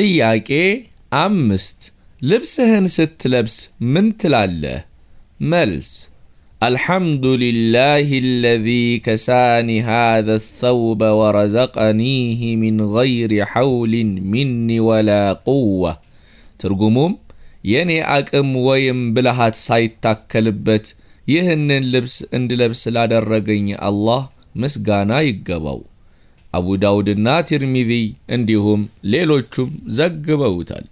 ጥያቄ አምስት ልብስህን ስትለብስ ምን ትላለህ? መልስ አልሐምዱ لله الذي ከሳኒ هذا الثوب ወረዘቀኒህ ምን غير حول مني ወላ قوة ትርጉሙም የኔ አቅም ወይም ብልሃት ሳይታከልበት ይህንን ልብስ እንድለብስ ላደረገኝ አላህ ምስጋና ይገባው። አቡ ዳውድና ቲርሚዚ እንዲሁም ሌሎቹም ዘግበውታል።